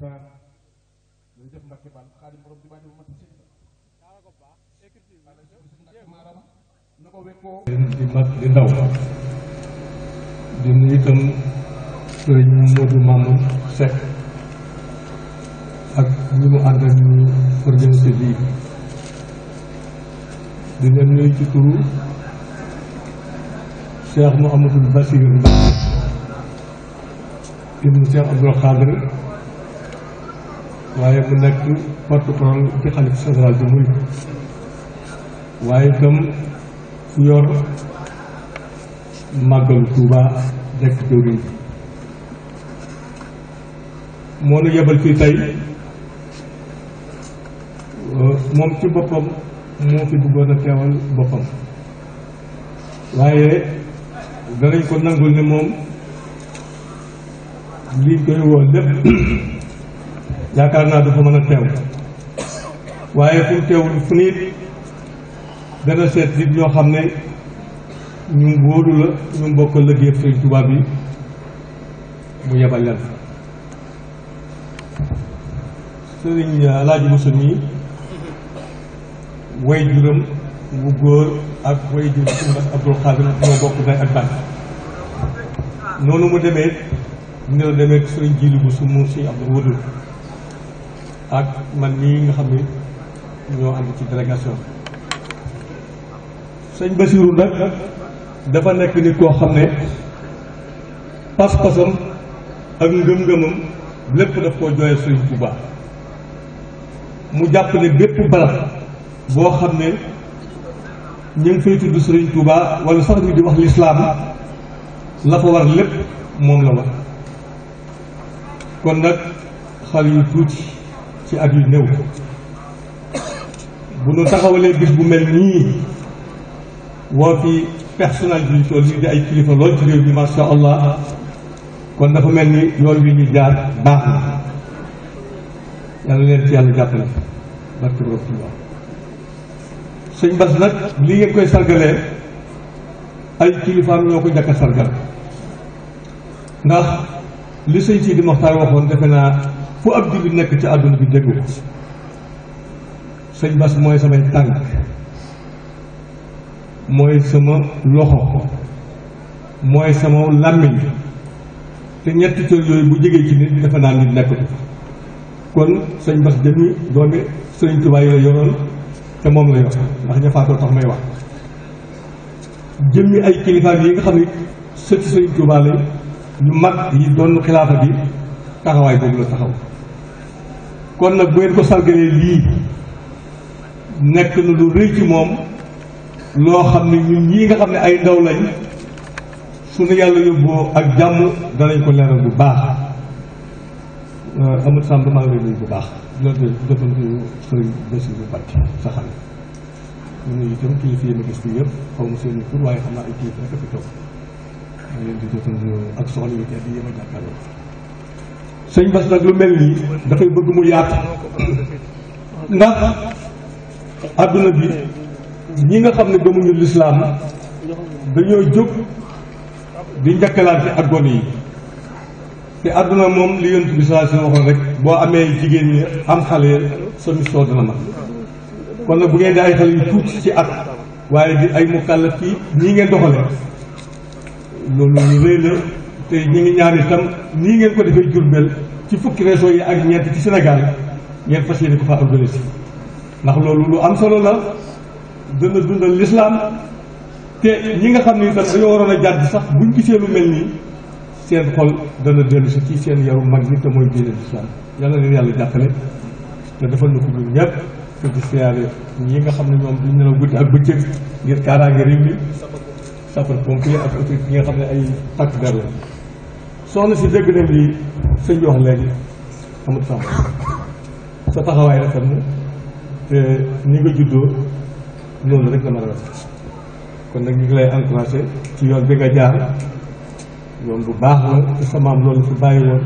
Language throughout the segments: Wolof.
ndeysaan dañ def mbakki bal xaadim borom jumaa ji bu mat sëñ ak ñi mu ànd ak ñu organisé di leen nuyu ci turu Cheikh Mouhamadoul Bassir Mbacke ibnu Cheikh Abdoul Khadre waaye bu nekk porte parole ci xalif général bi muy waaye itam ku yor màggalu Tuuba nekk jëwriñ moo nu yebal fii tey moom ci boppam moo fi bëggoon a teewal boppam waaye danañ ko nangul ne moom liñ koy woo lépp yaakaar naa du fa mën a teew waaye fu teewul fu nit dana seet nit ñoo xam ne ñu wóolu la ñu bokk liggéey Sëriñ Tuubaa bi mu yebal leen sëriñ Alaaji Musa mi way juram wu góor ak way jur si Mbas Abdul Xaadir bokk bay ak ban noonu mu demee ñu demee sëriñ Jiili bu su mu si Abdul Wadul ak man mii nga xam ne ñoo ànd ci délégation sëñ Basiru nag dafa nekk nit koo xam ne pas-pasam ak ngëm-ngëmam lépp daf koo jooyal sëñ Tuubaa mu jàpp ne bépp barab boo xam ne ñu ngi fay tudd sëriñ Touba sax ñu di wax lislaam la fa war lépp moom la war kon nag xal yu tuuti ci at yu néew bu nu taxawalee mel nii woo fi personnalité yu toll nii di ay kilifa lool ci réew bi masha allah kon dafa mel ni yoon wi ñu jaar baax na yàlla leen ci yàlla jàppale barke borom Tuubaa sëñ Bass nag li ngeen koy sargalee ay kilifaam ñoo ko njëkk a sargal ndax li sëñ si di Moxtaar waxoon defe naa fu ab jullit nekk ci àdduna bi dégg ko sëñ mooy samay tànk mooy sama loxo mooy sama làmmiñ te ñetti cër yooyu bu jegee ci nit defe naa nit nekk kon sëñ Bass jëmi doomi sëriñ Tuubaa yi la yoroon te moom la yor ndax ña faatoo tax may wax jëmmi ay kilifaam yi nga xam ne sëti sëriñ Tuubaa la ñu mag yi doon xilaafa bi taxawaay boobu la taxaw kon nag bu ngeen ko sargalee lii nekk na lu rëy ci moom loo xam ne ñun ñii nga xam ne ay ndaw lañ su ne yàlla yóbboo ak jàmm danañ ko leeral bu baax euh, amul sàmm maa ngi lay bu baax loolu de jëfandiku sëriñ Basiru bu bàcc mu xale ñu nuyu itam kilifa yi ma gis yëpp xaw ma seen tur waaye xam naa ay fi toog ma leen di jëfandiku ak soxla yi te di yéem a jàkkaarloo sëñ Bass nag lu mel nii dafay bëgg mu yaatu ndax adduna bi ñi nga xam ne gëmuñu lislaam dañoo jóg di njëkkalaante ak gone yi te adduna moom li yonent bi sallallahu alayhi wasallam waxoon rek boo amee jigéen ñi am xale sa mission dana ma kon nag bu ngeen di ay xale yu tuuti ci at waaye di ay mukallaf yi ñii ngeen doxale loolu lu rëy la te ñi ngi ñaan itam nii ngeen ko defee Jurbel ci fukki région yi ak ñeent ci Sénégal ngeen fas yéene ko fa organisé ndax loolu lu am solo la dana dundal lislaam te ñi nga xam ne itam dañoo sax buñ gisee lu mel nii seen xol dellu si ci seen yaru mag ñi te mooy diine lislaam yàlla leen yàlla jàppale te defal na ko nga xam ne ñoom du nelaw guddi ak bëccëg ngir kaaraange réew mi sapeur pompier ak autorité yi nga xam ne ay takk der soxna si dégg nañ lii sëñ bi wax léegi amut sàmm sa taxawaay rafet na te ni nga juddoo noonu rek la kon nag ñu ngi lay encouragé ci yoon bi nga jaar yoon bu baax la te sa maam loolu fi bàyyi woon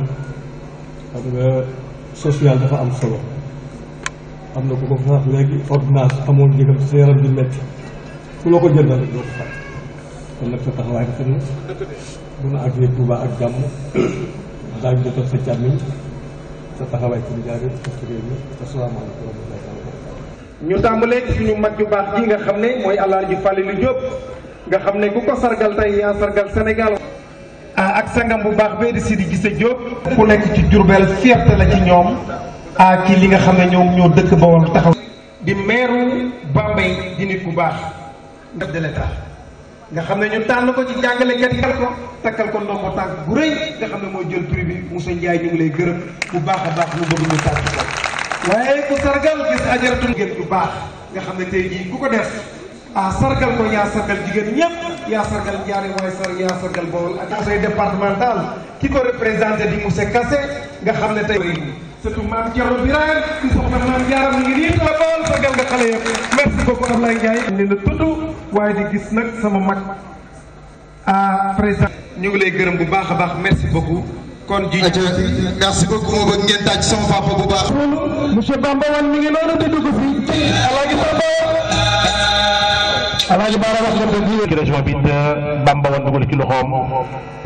dafa am solo am na ku ko sax léegi ordonnance amoon njëgam sa yaram di metti ku loo ko jëndal rek doo ko fàtte kon nag sa taxawaay rafet na bu nu àggee ak jàmm daañu bi ak réew mi asalaamaaleykum wa rahmatulah. ñu tàmbalee suñu mag yu baax gi nga xam ne mooy Alaaji Falilu Diop nga xam ne ku ko sargal tey yaa sargal Sénégal. ah ak sangam bu baax bee di Sidi Gise Diop. ku nekk ci Diourbel fierté la ci ñoom ah ci li nga xam ne ñoom ñoo dëkk Bawol taxaw. di meeru Bambey di nit bu baax. nga xam ne ñu tànn ko ci jàngalekat yar ko takkal ko ndombo tànk bu rëy nga xam ne mooy jël prix bi Moussa Ndiaye ñu bu baax a baax lu bëgg ñu tànn ko ku bu baax nga xam ne tey jii ku ko def ah sargal ko yaa sargal jigéen ñëpp yaa sargal njaari waaye sar yaa sargal Bawol ak conseil ki ko représenté di Moussa Kassé nga ne tey surtout maam Thierno Birame di soxna maam Diarra mu ngi nii toog Bawol sargal nga xale waaye di gis nag sama mag à ah, présent. ñu ngi lay gërëm bu baax a baax merci beaucoup. kon ji merci beaucoup ma bëgg ngeen tàcc sama papa bu baax. monsieur Bamba wan mi ngi noonu te dugg fi. alaaji Bamba. alaaji baara wax na dëgg ci région bi euh,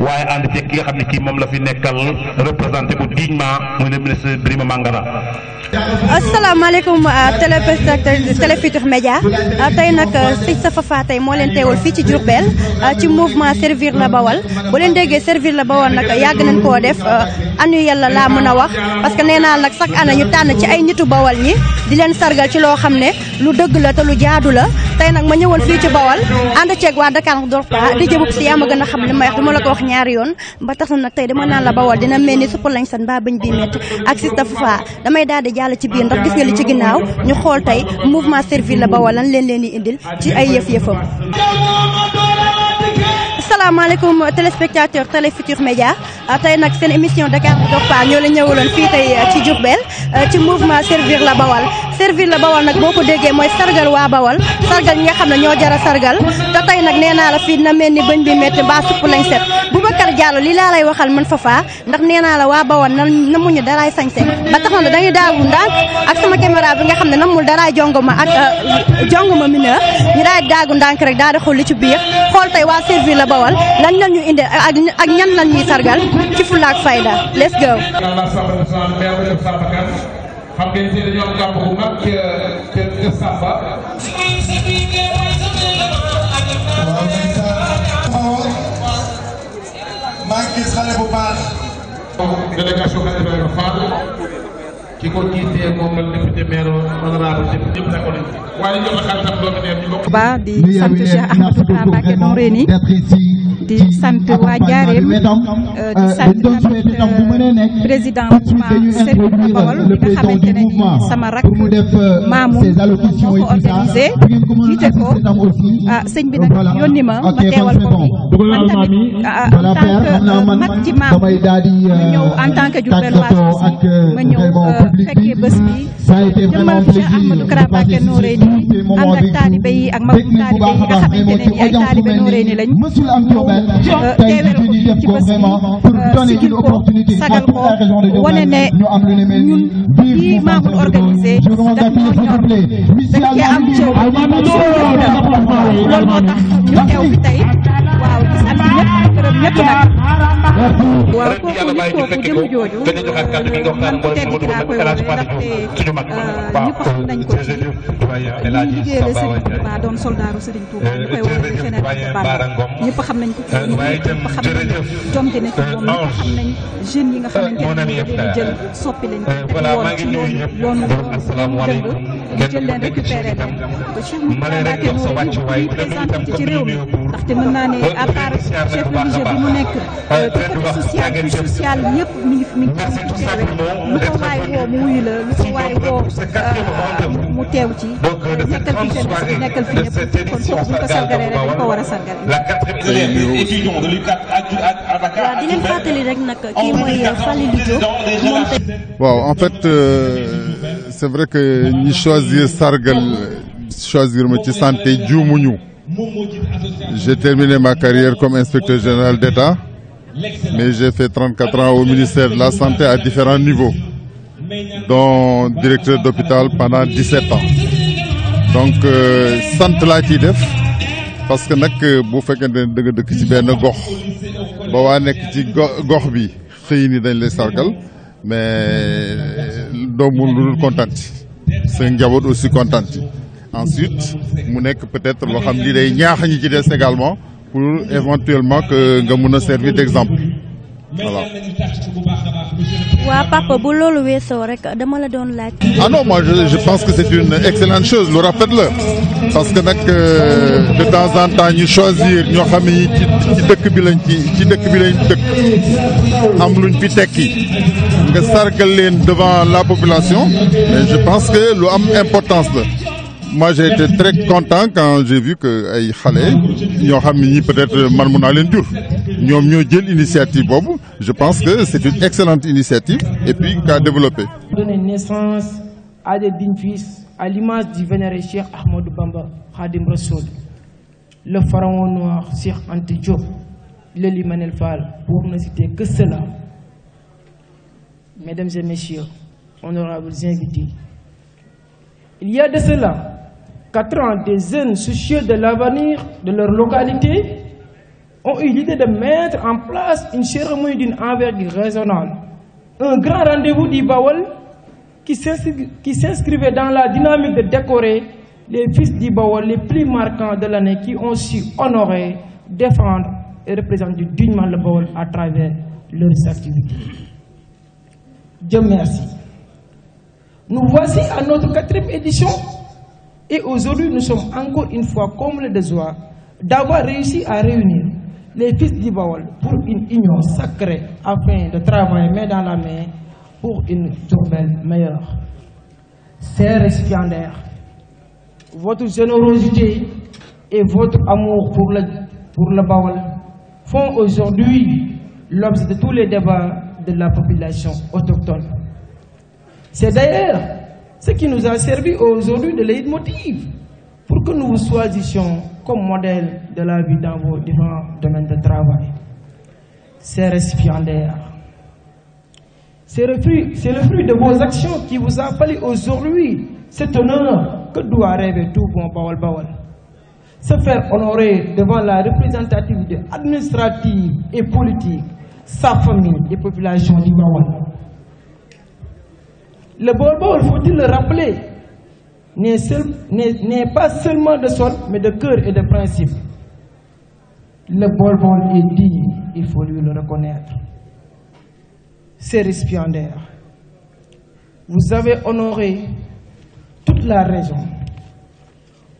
waaye ànd ci ki nga xam ne kii moom la fi nekkal représenté bu dignement muy le ministre Birima Mangara asalaamaaleykum euh, téléspectateurs Télé Futurs Médias euh, tey nag sëñ Safa Fa tey moo leen teewal fii ci Diourbel ci mouvement servir la Bawal bu leen déggee servir la Bawal nag yàgg nañ koo def annuel la laa mën a wax parce que nee naa nag chaque année ñu tànn ci ay nitu bawal ñi di leen sargal ci loo xam ne lu dëgg la te lu jaadu la tey nag ma ñëwoon fii ci bawal ànd ceeg waa Dakar Door Pa di jëbub si yaa ma gën a la ko wax ñaari yoon ba tax na nag tey dama naan la bawal dina mel ni suppa lañ san ba bañ bi métti ak sista fa damay daal di jàll ci biir ndax gis nga li ci ginnaaw ñu xool tey mouvement servile la bawal lan leen leen di indil ci ay yëf-yëfam asalaamaaleykum téléspectateur Télé Futurs Médias ah, tey nag seen émission Dakar ne dort pas ñoo la ñëwaloon fii tey ah, ci Diourbel ah, ci mouvement servir la Bawal servir la Bawal nag boo ko déggee mooy sargal waa Bawal sargal ñi nga xam ne ñoo jara sargal te tey nag nee naa la fii na mel ni bëñ bi métti mbaa supp lañ set Boubacar lii laa lay waxal man fafa ndax nee naa la waa Bawal nan namuñu daraay sañse ba tax na dañuy daawu ndànk ak sama caméra bi nga xam ne namul daraay jongoma ak jongoma mineur ñu daay daagu ndànk rek daal di xool li ci biir xool tey waa Bawal lan la ñu indi ak ak ñan lan ñuy sargal ci fulla ak fayda let's go. xam ngeen ci dañoo am gàmmu bu mag ca Samba. maa ngi gis xale bu baax. délégation Khady Ibrahima Fall ki ko jiitee moom la député maire honorable député ñëpp d'accord waaye ñoo ko xam sax doomu neer ñu bokk. di sant Cheikh Ahmadou Bamba Mbacké Noreyni di sant waa Njaareem euh, di euh, sant tamit euh, président mouvement Sëriñ Bawol bi nga xamante ne nii sama rakk Mamoun moo ko organisé jiite ko ah bi nag yónni ma ma teewal ko ah, ah, mag ci maam ma ñëw en tant que Diourbel Ouest ma ñëw fekkee bés bi jëmal Cheikh Ahmadou Kara Mbacké Noreyni ànd ak taalibe ak magum taalibe yi nga xamante ne nii ay lañ. tey jii def ko vraiment pour euh, donner une opportunité à toute la région de Diourbel ñu am lu ne mel nii biir Mamour organisé je vous remercie s'il vous plaît monsieur Aliou loolu moo tax ñu teew waaw gis ak ñëpp këram ñëpp nag. waaw kooku kooku jëm jooju man peut être dinaa koy wax euh, ndaxte ñëpp xam nañ ko ci ñi liggéeyal Serigne Touba doon soldaaru Serigne Touba ñu koy woowee général de Balla ñëpp xam nañ ko ci ñi ñëpp xam nañ jom ji nekk ci moom ñëpp xam nañ jeunes yi nga euh, xamante ne bii dañuy jël soppi leen euh, teg woon ci yoonu dëng ñu jël leen récupéré leen ba Cheikh Moussa Mbacké Nourou di présenté ci réew mi ndaxte mën naa ne projet bi mu nekk côté social bi social ñëpp mi ngi fi mi ngi fi teewe lu ko waay woo mu wuyu la lu ko waay woo euh, mu teew ci euh, nekkal fi jeunesse bi nekkal fi ñëpp kon kooku bu ñu ko sargalee rek dañ ko war a sargal. waaw di leen fàttali rek nag kii mooy euh, Falilou Diop moom tey. waaw en fait euh, c'est vrai que ñi choisir sargal choisir ma ci santé juumuñu. J'ai terminé ma carrière comme inspecteur général d'État, mais j'ai fait 34 ans au ministère de la Santé à différents niveaux, dont directeur d'hôpital pendant 17 ans. donc euh, sant laa ciy def parce que nag euh, bu fekkente ne dëgg dëkk ci benn gox ba waa nekk ci gox bi xëy ni dañ lay sargal mais euh, doomu lu dul kontaan ci seen aussi kontaan ensuite mu nekk peut-être loo xam ni day ñaax ñi ci des également pour éventuellement que nga mun a servir d'exemple voilà. waa papa bu loolu weesoo rek dama la doon laaj. ah non moi je, pense que c'est une excellente chose lu rafet la parce que nag euh, de temps en temps ñu choisir ñoo xam ne ci dëkk bi lañ ci ci dëkk bi lañ dëkk am luñ fi tekki nga sargal leen devant la population mais je pense que lu am importance la. moi j'ai été très content quand j'ai vu que ay xale ñoo xam ne ñi peut-être man mun naa leen jur ñoom ñoo jël initiative boobu je pense que c'est une excellente initiative et puis qu'à développer. donner naissance à des dignes fils à l'image du vénéré Cheikh Ahmadou Bamba Khadim Rassoul le pharaon noir Cheikh Anta Diop le Limanel Fall pour ne citer que cela mesdames et messieurs honorables invités il y a de cela 4 ans, des jeunes soucieux de l'avenir de leur localité ont eu l'idée de mettre en place une cérémonie d'une envergure raisonnable. Un grand rendez-vous d'Ibawal qui s'inscrivait dans la dynamique de décorer les fils d'Ibawal les plus marquants de l'année qui ont su honorer, défendre et représenter dignement le Bawal à travers leurs activités. Nous voici à notre quatrième édition Et aujourd'hui, nous sommes encore une fois comblés de joie d'avoir réussi à réunir les fils d'Ibawal pour une union sacrée afin de travailler mais dans la main pour une Diourbel meilleure. Chers récipiendaires, votre générosité et votre amour pour le, pour font aujourd'hui l'objet de tous les débats de la population autochtone. C'est d'ailleurs ce qui nous a servi aujourd'hui de leitmotiv pour que nous vous choisissions comme modèle de la vie dans vos différents de travail. C'est récipiendaire. C'est le, fruit, de vos actions qui vous a fallu aujourd'hui cet honneur que doit rêver tout bon Bawal Bawal. Se faire honorer devant la représentativité administrative et politique, sa famille, les populations du Le Baol faut-il le rappeler, n'est pas seulement de sol, mais de cœur et de principe. Le Baol est digne, il faut lui le reconnaître. C'est récipiendaire. Vous avez honoré toute la région,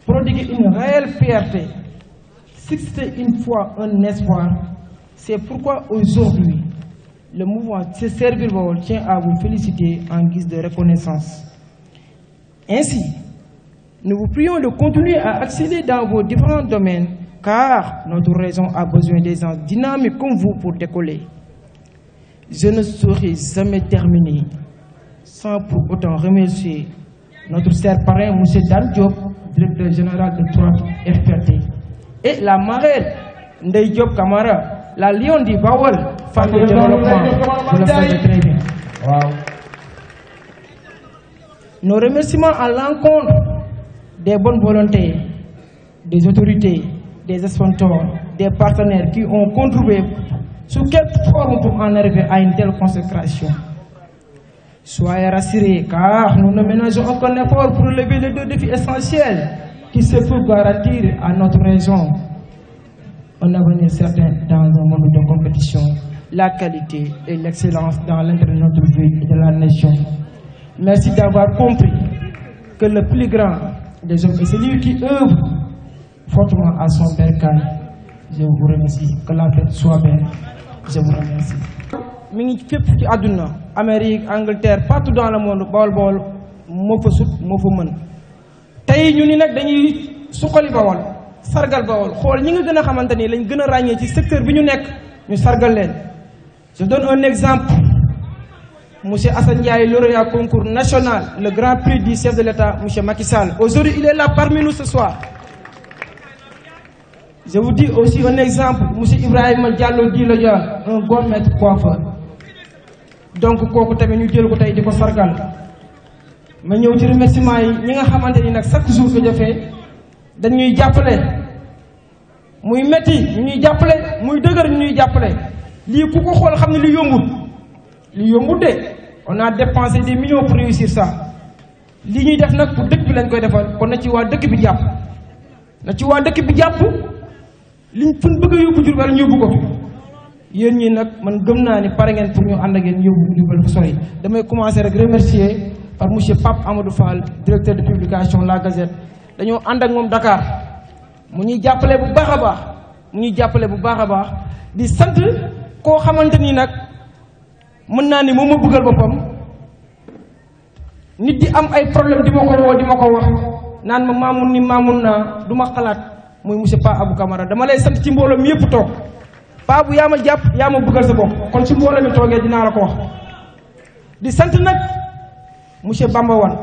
prodigué une réelle fierté, suscité une foi, un espoir. C'est pourquoi aujourd'hui, Le mouvement Se Servir Baol tient à vous féliciter en guise de reconnaissance. Ainsi, nous vous prions de continuer à accéder dans vos différents domaines car notre raison a besoin des gens dynamiques comme vous pour décoller. Je ne saurais jamais terminer sans pour autant remercier notre cher parrain, M. Dan directeur général de 3 FRT, et la marraine Ndey Diop Kamara, la lionne du Bawol, partie de développement. Vous le faites très Nos remerciements à l'encontre des bonnes volontés, des autorités, des sponsors, des partenaires qui ont contribué sous quelque forme pour en arriver à une telle consécration. Soyez rassurés car nous ne ménageons aucun pour lever deux défis essentiels qui se pour garantir à notre région un avenir certain dans un monde de compétition la qualité et l'excellence dans l'intérêt de la nation. Merci d'avoir compris que le plus grand des hommes à son bercail. Je vous remercie. Que la fête soit belle. Je vous remercie. mi ngi fépp ci àdduna Amérique Angleterre partout dans le monde Bawol Bawol moo fa sut moo fa mën tey ñu ni nag dañuy suqali Bawol sargal Bawol xool ñi nga gën a xamante ni lañ gën a ràññee ci secteur bi ñu nekk ñu sargal leen Je donne un exemple. Monsieur Hassan Ndiaye, lauréat concours national, le grand prix du chef de l'État, Monsieur Macky Sall. Aujourd'hui, il est là parmi nous ce soir. Je vous dis aussi un exemple, Monsieur Ibrahim Diallo dit le un bon maître Donc, kooku tamit ñu jël ko tey di ko sargal. ma ñëw ci remerciement yi ñi nga xamante ni nag chaque jour su jëfee dañuy jàppale muy metti ñu ñuy jàppale muy dëgër ñuy jàppale. lii ku ko xool xam ne lu yombut lu yombut de on naa dépensé des millions pour sax lii ñuy def nag pour dëkk bi lañ koy defal kon na ci waa dëkk bi jàpp na ci waa dëkk bi jàpp liñ fun bëgg a yóbbu Diourbel ñu yóbbu ko fi yéen ñi nag man gëm naa ni pare ngeen pour ñu ànd ak yéen yóbbu Diourbel fu sori damay commencer rek remercier par monsieur Pape Amadou Fall directeur de publication La Gazette dañoo ànd ak moom Dakar mu ñuy jàppale bu baax a baax ñuy jàppale bu baax a baax di sant koo xamante nii nag mën naa ni moom ma bëggal boppam nit di am ay problème di ma ko woo di ma ko wax naan ma maamun ni maamun naa du ma xalaat muy monsieur Pa Abou Camara dama lay sant ci mboolam mi yëpp toog Pa Abou yaa ma jàpp yaa ma bëggal sa bopp kon ci mbooloo mi toogee dinaa la ko wax di sant nag monsieur Bamba Wan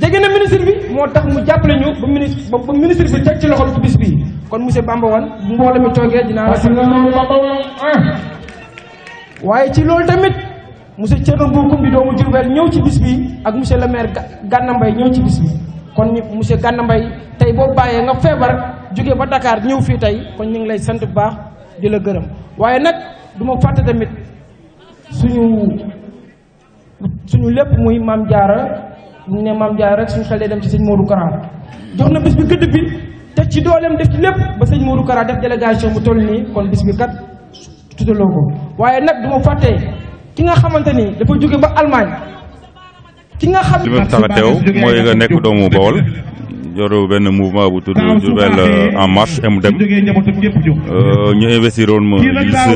jege na ministre bi moo tax mu jàppale ñu ba ministre ba ministre bi teg ci loxoom ci bis bi kon monsieur Bamba Wane bu mbooloo mi toogee dinaa la. waaye ci loolu tamit monsieur Thierno Bocoum bi doomu Diourbel ñëw ci bis bi ak monsieur le maire Gana Mbaye ñëw ci bis bi kon ñu monsieur Gana tey boo bàyyee nga feebar jóge ba dakaar ñëw fii tey kon ñu ngi lay sant baax di la gërëm waaye nag du ma fàtte tamit suñu suñu lépp muy Maam Jaara ñu ne Maam Jaara rek suñu xel day dem ci sëñ Modou Kara jox na bis bi gëdd bi. te ci dooleem def ci lépp ba sëñ Modou Kara def délégation bu toll nii kon bis bi kat tuddaloo ko waaye nag du ma fàtte ki nga xamante dafa jóge ba Allemagne ki nga xam. li ma tax a teew mooy nga nekk doomu Bawol yoru benn mouvement bu tudd Diourbel euh, en marche MDEM euh, ñu investir woon ma liste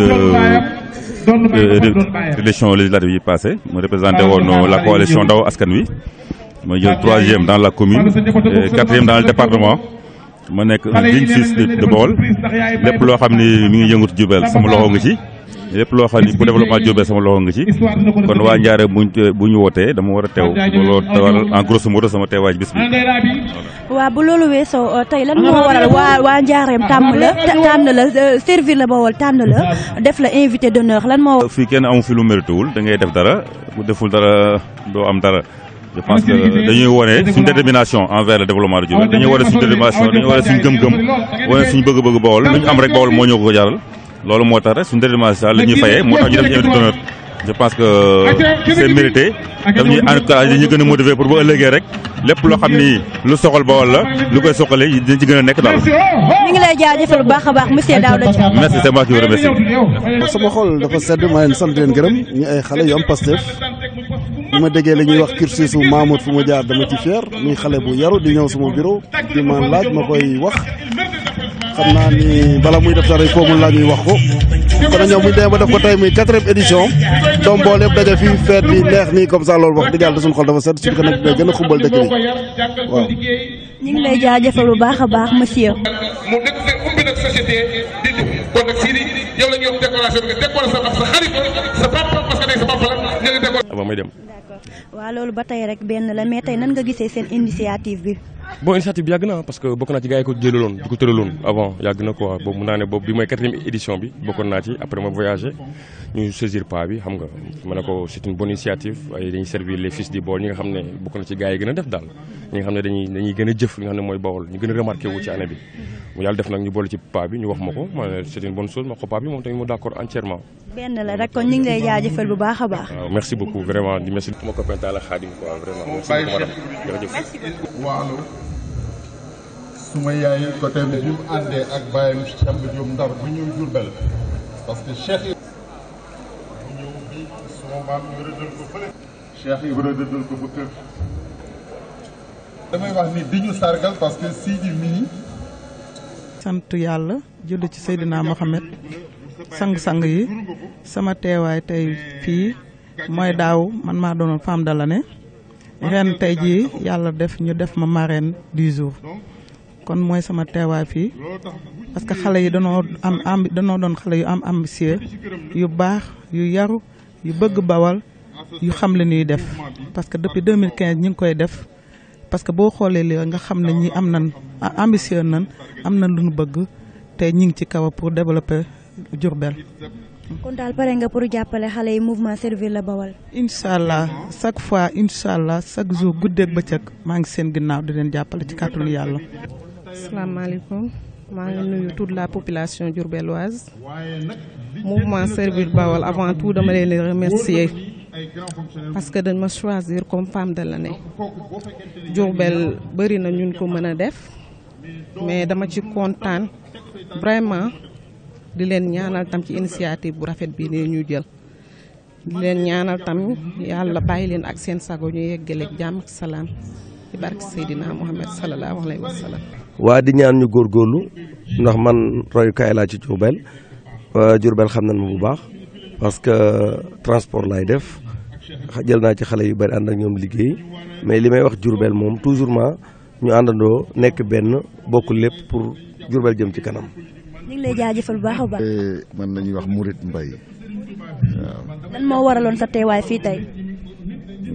euh, élection législative yi passé mu représenté woon la coalition Ndaw Askan Wi ma jël troisième dans la commune et dans le département. ma nekk un digne fils de Baol lépp loo xam ni mi ngi yëngatu Diourbel sama loxo nga ci lépp loo xam ni bu développement Diourbel sama loxo nga ci kon waa Ndiaré buñ bu ñu wootee dama war a teew looloo tawal en teewaay bis bi. waaw bu loolu weesoo euh, waa waa ah, tàmm la tàmm la euh, servir la Baol tàmm la def la invité d'honneur lan moo. fii kenn amu fi lu méritéwul da ngay def dara bu deful dara doo am dara. je pense que dañuy wone suñu détermination envers le développement de Diourbel dañuy wone suñu détermination dañuy wone suñu gëm-gëm wone suñu bëgg-bëgg Bawol lu ñu am rek Bawol moo ñëw ko jaral loolu moo tax rek suñu détermination la ñuy fayee moo tax ñu def ñu invité motiver pour ba ëllëgee rek lépp loo xam ni lu soxal Bawol la lu koy soxale dinañ ci a nekk daal. Oh, oh. ñu ngi lay jaajëfal bu baax a baax monsieur Daouda Thiam. merci c'est moi qui vous remercie. sama bi ma déggee la ñuy wax cursus su Mahmoud mu jaar dama ci fier muy xale bu yaru di ñëw sama bureau di ma laaj ma koy wax xam naa ni bala muy def dara foo mu laaj ñuy wax ko. kon ñoom bu mu demee ba def ko tey muy quatrième édition doom boole yëpp daje feet bi neex nii comme ça loolu wax dëgg yàlla suñu xol dafa set suñu ko gën a xumbal dëkk bi waaw. ñu ngi lay jaajëfal bu baax a baax monsieur. mu nekk may dem. waaw loolu ba tey rek benn la mais tey nan nga gisee seen initiative bi. boo initiative bi yàgg na parce que bokk naa ci gars yi ko jëlaloon di ko tëraloon avant yàgg na quoi boobu mun naa ne boobu bi mooy quatrième édition bi bokkoon naa ci après ma voyagé ñu saisir pas bi xam nga ma ne ko c'est une bonne initiative ay dañuy servir les fils nga xam ne bokk na ci gars yi gën a def daal ñi nga xam ne dañuy dañuy gën a jëf li nga xam ne mooy Baol ñu gën a remarqué wu ci année bi mu yàlla def nag ñu boole ci pas bi ñu wax ma ko di ma copain suma yaay côté bi mu àndee ak bàyyam Cheikh Diop Ndar yàlla julli ci Seydina Mohamed sang-sang yi sama teewaay tey fii mooy daaw man maa doonoon femme de l'année ren tey jii yàlla def ñu def ma marraine du jour. kon mooy sama teewaay fii parce que xale yi danoo am am danoo doon xale yu am ambitieux yu baax yu yaru yu bëgg bawal yu xam li ñuy def parce que depuis quinze ñu ngi koy def parce que boo xoolee li nga xam ne ñi am nan ambitieux nan am na lu ñu bëgg te ñu ngi ci kaw pour développer Diourbel. kon daal pare nga pour jàppale xale yi mouvement servir la bawal. incha allah chaque fois incha allah chaque jour guddeeg bëccëg maa ngi seen ginnaaw di leen jàppale ci kàttanu yàlla. asalaamaaleykum maa ngi nuyu toute la population diourbelloise mouvement servir Bawol avant tout dama leen di remercier parce que dañ ma choisir comme femme de l'année Diourbel bëri na ñun ko mën a def mais dama ci kontaan vraiment di leen ñaanal tam ci initiative bu rafet bi ne ñu jël di leen ñaanal tam yàlla bàyyi leen ak seen sago ñu yeggaleeg jàmm ak salaam ci barke Seydina Muhammad sallallahu alayhi wa sallam waa di ñaan ñu góor góorlu ndax man royukaay laa ci Diourbel Diourbel xam nañ ma bu baax parce que transport laay def jël naa ci xale yi bari ànd ak ñoom liggéey mais li may wax Diourbel moom toujours ma ñu àndandoo nekk benn bokk lépp pour Diourbel jëm ci kanam. ñu ngi lay bu baax a baax. Eh, man nañuy wax Mouride Mbaye waaw. lan moo waraloon sa teewaay fii tey.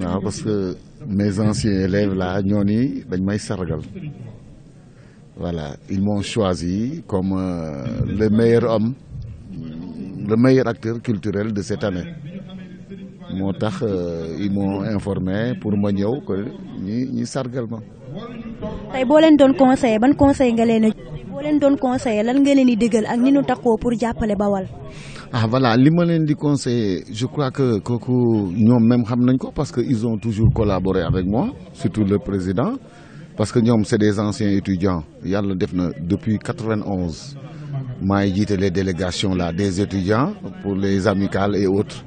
waaw parce que mes anciens élèves là ñoo nii dañ may sargal. Voilà, ils m'ont choisi comme euh, le meilleur homme, le meilleur acteur culturel de cette année. moo tax euh, ils m'ont informé pour ma ñëw que ñi ñi sargal ma. tey boo leen doon conseillé ban conseil nga leen a. boo leen doon conseillé lan nga leen di dëggal ak ni ñu takkoo pour jàppale Bawal. ah voilà li ma leen di conseillé je crois que kooku ñoom même xam nañ ko parce que ils ont toujours collaboré avec moi surtout le président. parce que ñoom c'est des anciens étudiants yàlla def na depuis 91 maay jiite les délégations la des étudiants pour les amicales et autres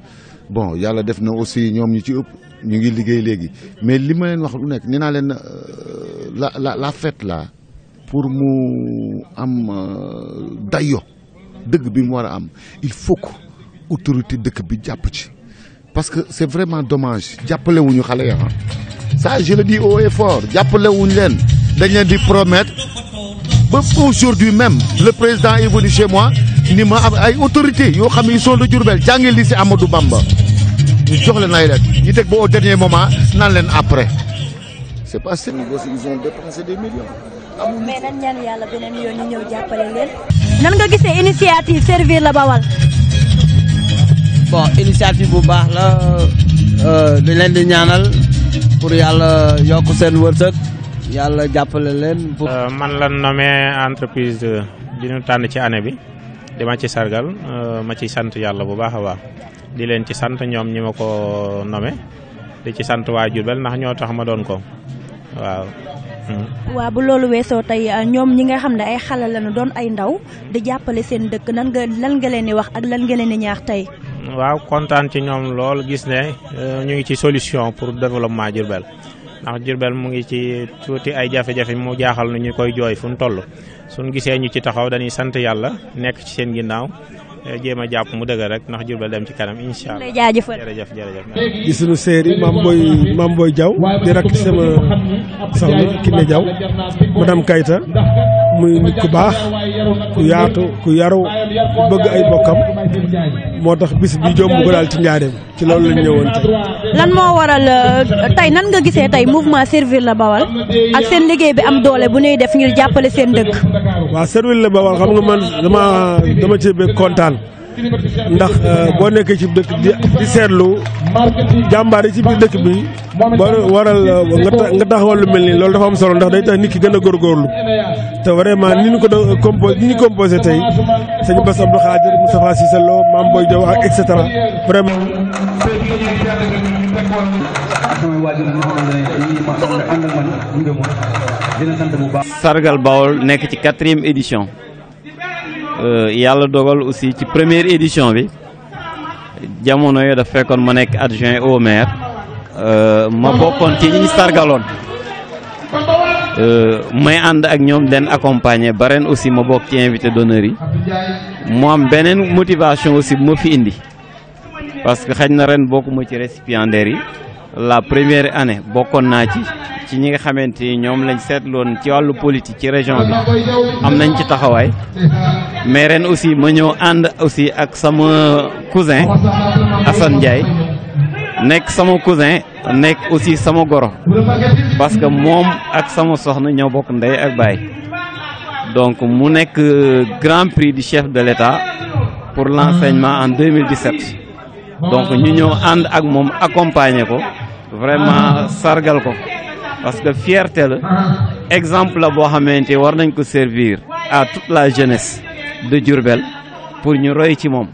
bon yàlla def na aussi ñoom ñu ci ëpp ñu ngi liggéey léegi mais li ma leen wax lu nekk nee naa leen euh, la la la fête là pour mu am euh, dayo dëgg bi mu war a am il faut que autorité dëkk bi jàpp ci parce que c'est vraiment dommage jàppale wuñu xale ya ça je le dis haut et leen dañ leen di promètre ba aujourd'hui même le président est venu chez moi ni ma am ay autorités yoo xam ne ils sont de Diourbel jàngil li si Amadou Bamba ñu jox leen ay lettres ñu teg ba au moment naan leen après c'est pas sérieux ils ont dépensé des millions. amul mais nan ñaan yàlla beneen yoon ñëw jàppale leen. nan nga gisee initiative servir la Baol. bon initiative bu baax la euh, dañ leen di ñaanal. pour yàlla yokk seen wërsëg yàlla jàppale leen. Euh, man lan nommé entreprise euh, di ñu tànn ci année bi di ma ci sargal euh, ma ci sant yàlla bu baax a baax di leen ci sant ñoom ñi ma ko nommé di ci sant waa jur Jurbel ndax ñoo tax ma doon ko waaw. Mm-hmm. waaw bu loolu weesoo tey euh, ñoom ñi nga xam ne ay xale lañu doon ay ndaw di jàppale seen dëkk nan nga lan nga leen di wax ak lan nga leen di ñaax tey. waaw kontaan ci ñoom lool gis ne euh, ñu ngi ci solution pour développement Diourbel ndax Diourbel mu ngi ci tuuti ay jafe-jafe mu jaaxal nu ñu koy jooy fu mu toll suñu gisee ñu ci taxaw dañuy sant yàlla nekk ci seen ginnaaw. jéem a jàpp mu dëgër rek ndax Diourbel dem ci kanam incha allah jërëjëf jërëjëf. di sunu séeri maam booy maam booy Diaw di rakk sama soxna Kiné Diaw madame Kayta muy nit ku baax ku yaatu ku yaru bëgg ay bokkam moo tax bis bi jomb ko daal ci njaareem ci loolu lañ ñëwoon tey. lan moo waral euh, tey nan nga gisee tey mouvement servir la Bawal ak seen liggéey bi am doole bu ñuy def ngir jàppale seen dëkk. waaw Set Withla Baol xam nga man dama dama ci bëgg kontaan ndax euh, boo nekkee ci dëkk di seetlu jàmbaar yi ci biir dëkk bi boo waral euh, nga taxawal lu mel nii loolu dafa am solo ndax day tax nit ki gën a góorgóorlu te vraiment ni ñu ko doon compo ni ñu composé tey sëñ Bass Abdou Khadir Moustapha Cissé Lo Mame Boye Diop ak et cetera ma ànd ak man ñu ngi dina Sargal Baol nekk ci quatrième édition. Euh, yàlla dogal aussi ci première édition bi jamono yo daf fekkoon ma nekk adjoint au maire euh, ma bokkoon ci ñi sargaloon euh, may ànd ak ñoom den accompagner ba reen aussi ma bokk ci invité d'honneur yi mu am beneen motivation aussi bu ma fi indi parce que xëy na ren bokkuma ci récipiendaire yi la première année bokkoon naa ci ci ñi nga xamante ni ñoom lañ seetloon ci wàllu politique ci région bi am nañ ci taxawaay mais ren aussi ma ñëw ànd aussi ak sama cousin Assane nekk sama cousin nekk aussi sama goro parce que moom ak sama soxna ñoo bokk ndey ak baay donc mu nekk grand prix du chef de l'État pour l'enseignement en 2017 donc ñu ñëw ànd ak moom accompagner ko vraiment sargal ko parce que fierté la exemple la boo xamante war nañ ko servir à tout la jeunesse de Diourbel pour ñu roy ci moom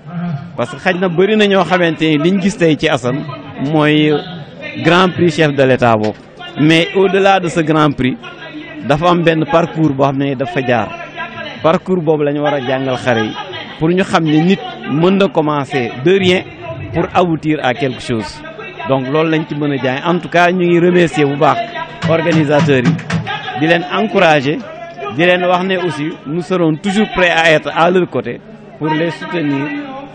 parce que xaj na bëri na ñoo xamante ni liñ gis tey ci Assane mooy grand prix chef de l'État boobu mais au-delà de ce grand prix dafa am benn parcours boo xam ne dafa jaar parcours boobu la ñu war a jàngal xare yi pour ñu xam ne nit mën na commencer de rien pour aboutir à quelque chose donc loolu lañ ci mën a jaay en tout cas ñu ngi remercier bu baax organisateurs yi di leen encourager di leen wax ne aussi nous serons toujours près à être à leur côté pour les soutenir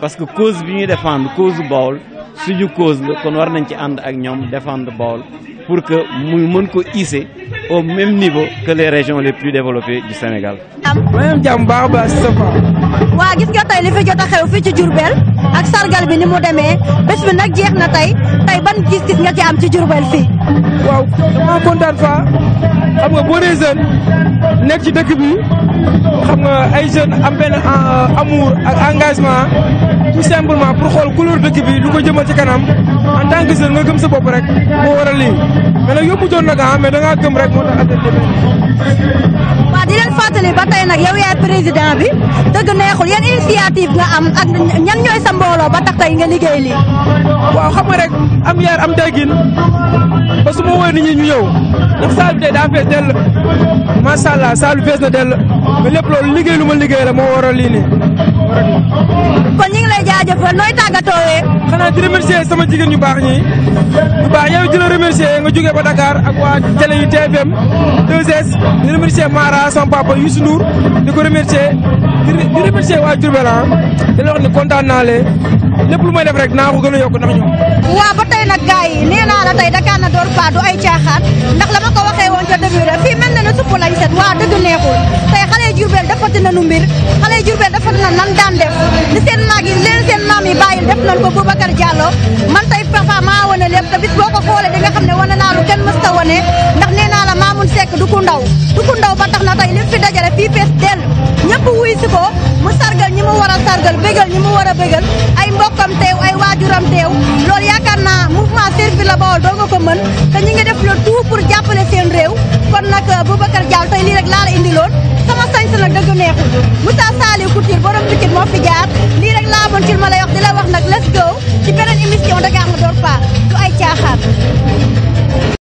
parce que cause bi ñuy défendre cause Bawol suñu cause la kon war nañ ci ànd ak ñoom défendre Bawol pour que mu mën ko hisser au même niveau que les régions les plus développées du Sénégal. maanaam jàmm baax waa gis tey li fi jot a xew fii ci Diourbel ak sargal bi ni mu demee bés bi nag jeex na tey tey ban gis ci am ci Diourbel fii. waaw dama kontaan fa xam nga boo dee jeune nekk ci dëkk bi xam nga ay jeune am benn euh, amour ak engagement tout simplement pour xool couleur dëkk bi lu ko jëmal ci kanam en tant que nga gëm sa bopp rek moo waral lii mais nag yóbbu doon na ah, gaa gëm rek moo tax affaire nag yow yaay président bi dëgg neexul yan initiative nga am ñan ñooy sa ba tax nga liggéey lii waaw xam nga rek am yar am teggin ba su ma wóor nit ñi ñu saal bi tey daa dell macha saal bi fees na dell ba lépp loolu liggéey lu ma liggéey la moo waral lii nii. kon ñu ngi lay jaajëfal nooy tàggatoowee. xanaa di remercier sama ñu baax ñi ñu baax yow di la nga jógee ba Dakar ak waa télé yu TFM 2S di remercier Mara sama papa Youssou Ndour di ko di remercier waa Diourbel ah la wax ni kontaan naa leen lépp lu may def rek naa gën a yokk ndax ñoom. waaw ba tey nag gars yi nee naa la tey Dakar na door pas du ay caaxaan ndax la ma ko waxee woon ca début rek fii mel ne supp lañ set waa dëgg neexul tey xale yu Diourbel defati nañu mbir xale yu Diourbel defati nan daan def li seen maag yi leen seen maam yi bàyyil def nañ ko Boubacar Diallo man tey papa maa wane lépp te bis boo ko xoolee di nga Seck du ku ndaw du ku ndaw ba tax na tey li fi dajale fii fees dell ñëpp wuy si mu sargal ñi mu war a sargal bégal ñi mu war a ay mbokkam ay waajuram teew yaakaar naa mouvement Servir la Baol doo nga ko mën te ñi ngi def le tout pour jàppale seen réew kon nag euh, Boubacar Diallo tey lii rek laa la indiloon sama sañse nag dëgg neexul Moussa Sali Couture borom Pikine moo fi jaar lii rek laa amoon ci ma lay wax di la wax nag let's go ci beneen